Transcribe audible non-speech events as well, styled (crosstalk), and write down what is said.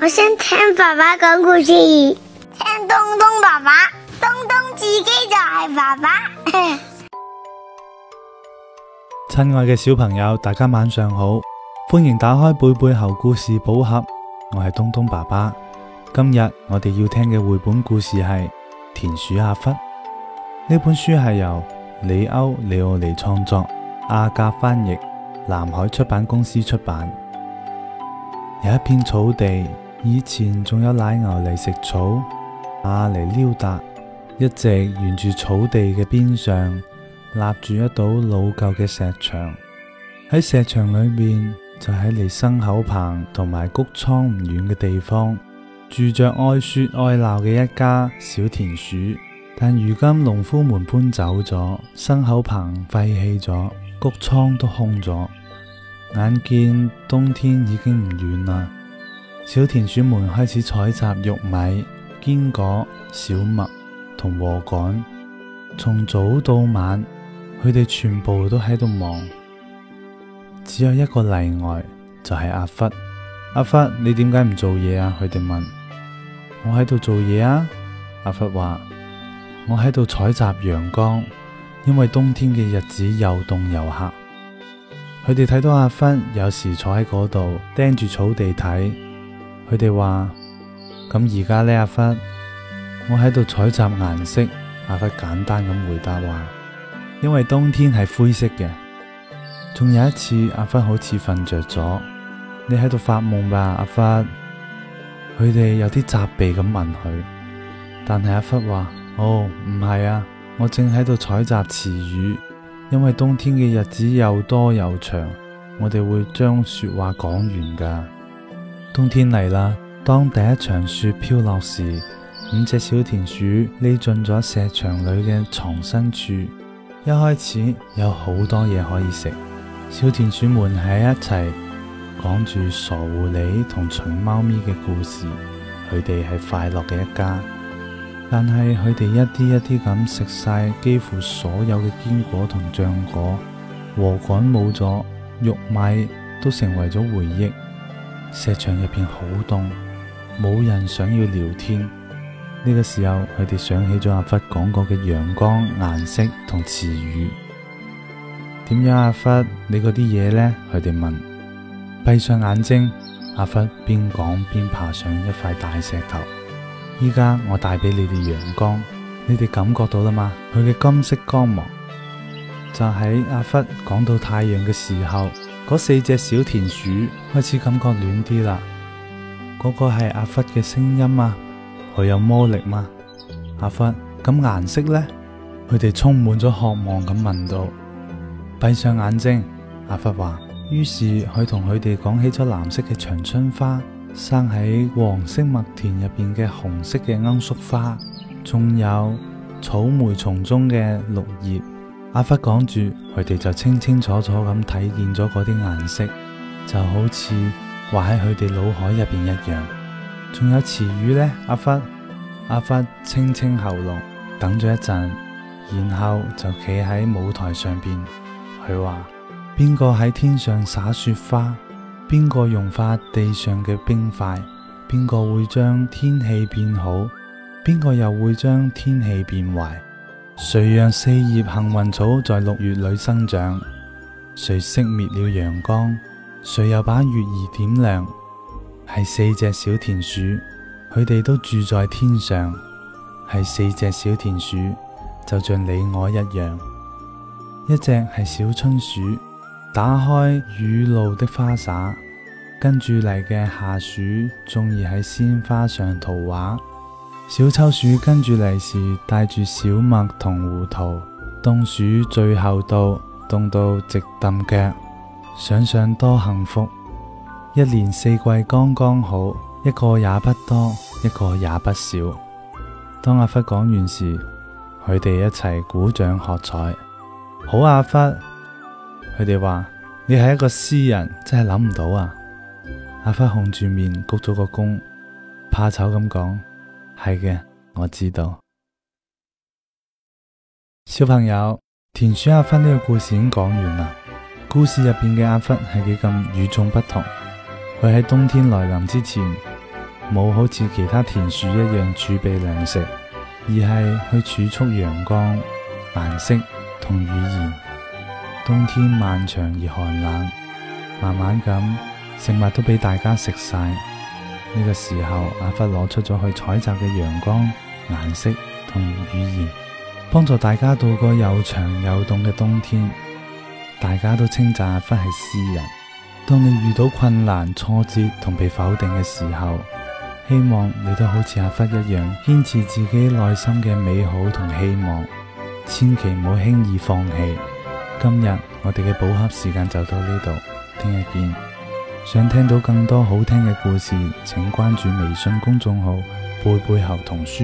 我想聽爸爸講故事，聽東東爸爸，東東自己就係爸爸。 (laughs) 親愛嘅小朋友，大家晚上好，歡迎打開貝貝猴故事寶盒，我係東東爸爸。今日我哋要聽嘅繪本故事係田鼠阿佛，呢本書係由李歐·李奧尼創作。阿甲翻譯，南海出版公司出版。有一片草地，以前仲有奶牛嚟食草，馬嚟溜達。一直沿住草地嘅邊上，立住一堵老舊嘅石牆。喺石牆裏面，就喺離牲口棚同埋谷倉唔遠嘅地方，住着愛說愛鬧嘅一家小田鼠。但如今農夫們搬走咗，牲口棚廢棄咗。谷倉都空咗，眼見冬天已經唔遠啦。小田鼠們開始採集玉米、堅果、小麥同禾稈，從早到晚，佢哋全部都喺度忙。只有一個例外，就係、是、阿佛。阿佛，你點解唔做嘢啊？佢哋問。我喺度做嘢啊！阿佛話：我喺度採集陽光。因為冬天嘅日子又凍又黑，佢哋睇到阿佛有時坐喺嗰度盯住草地睇，佢哋話：咁而家呢？阿佛，我喺度採集顏色。阿佛簡單咁回答話：因為冬天係灰色嘅。仲有一次，阿佛好似瞓着咗，你喺度發夢吧，阿佛？佢哋有啲責備咁問佢，但係阿佛話：哦，唔係啊。我正喺度採集詞語，因為冬天嘅日子又多又長，我哋會將說話講完㗎。冬天嚟啦，當第一場雪飄落時，五隻小田鼠匿進咗石牆裏嘅藏身處。一開始有好多嘢可以食，小田鼠們喺一齊講住傻狐狸同蠢貓咪嘅故事，佢哋係快樂嘅一家。.但係佢哋一啲一啲咁食晒幾乎所有嘅堅果同漿果，禾稈冇咗，玉米都成為咗回憶。石場入邊好凍，冇人想要聊天。呢、這個時候，佢哋想起咗阿佛講過嘅陽光顏色同詞語。點樣，阿佛？你嗰啲嘢呢？佢哋問。閉上眼睛，阿佛邊講邊爬上一塊大石頭。依家，我帶俾你哋陽光，你哋感覺到啦嘛？佢嘅金色光芒就喺。阿佛講到太陽嘅時候，嗰四隻小田鼠開始感覺暖啲啦。嗰個係阿佛嘅聲音嘛？佢有魔力嗎？阿佛，咁顏色呢？佢哋充滿咗渴望咁問道。閉上眼睛，阿佛話。於是佢同佢哋講起咗藍色嘅長春花。生喺黃色麥田入邊嘅紅色嘅罌粟花，仲有草莓叢中嘅綠葉。阿佛講住，佢哋就清清楚楚咁睇見咗嗰啲顏色，就好似畫喺佢哋腦海入邊一樣。仲有詞語呢？阿佛，阿佛清清喉嚨，等咗一陣，然後就企喺舞台上邊。佢話：邊個喺天上灑雪花？邊個融化地上嘅冰塊？邊個會將天氣變好？邊個又會將天氣變壞？誰讓四葉幸運草在六月裏生長？誰熄滅了陽光？誰又把月兒點亮？係四隻小田鼠，佢哋都住在天上。係四隻小田鼠，就像你我一樣。一隻係小春鼠。打開雨露的花灑，跟住嚟嘅夏鼠中意喺鮮花上圖畫，小秋鼠跟住嚟時帶住小麥同胡桃，冬鼠最後到，凍到直蹬腳，想想多幸福，一年四季剛剛好，一個也不多，一個也不少。當阿佛講完時，佢哋一齊鼓掌喝彩，好阿佛，佢哋話。你係一個詩人，真係諗唔到啊！阿佛紅住面，鞠咗個躬，怕醜咁講：係嘅，我知道。小朋友，田鼠阿佛呢個故事已經講完啦。故事入邊嘅阿佛係幾咁與眾不同，佢喺冬天來臨之前，冇好似其他田鼠一樣儲備糧食，而係去儲蓄陽光、顏色同語言。冬天漫長而寒冷，慢慢咁，食物都俾大家食晒。呢、這個時候，阿佛攞出咗去採集嘅陽光、顏色同語言，幫助大家度過又長又凍嘅冬天。大家都稱讚阿佛係詩人。當你遇到困難、挫折同被否定嘅時候，希望你都好似阿佛一樣，堅持自己內心嘅美好同希望，千祈唔好輕易放棄。今日我哋嘅寶盒時間就到呢度，聽日見。想聽到更多好聽嘅故事，請關注微信公眾號《貝貝猴童書》。